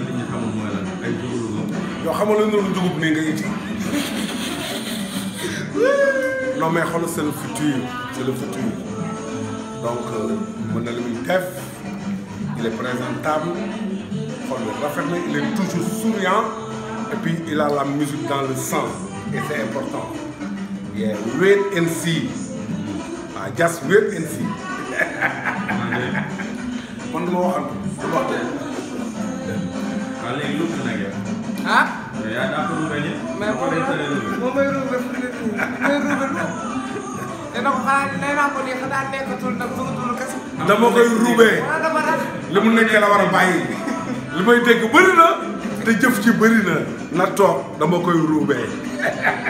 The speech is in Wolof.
la nit ñi xamul mooy lan ay dugub la. yow xamal la ñu dugub nii nga it. non mais xoolal c'est le futur c'est le donc euh, mën na lu il est présentable il est toujours souriant et puis il a la musique dans le sang et c'est important. yeah wait and see ah, just wait and see. ah. mais yaa daa ko ruubee ñëpp. mais moom moom mooy ruubee fu mu mooy ruubee lu. nee na ko xanaa nee naa ko nii xanaa nekkatul nag duggatul kese. dama koy ruubee. Ah, li mu nekkee la war a bàyyi. li may dégg bëri na. te jëf ci bëri na. na toog dama koy ruubee.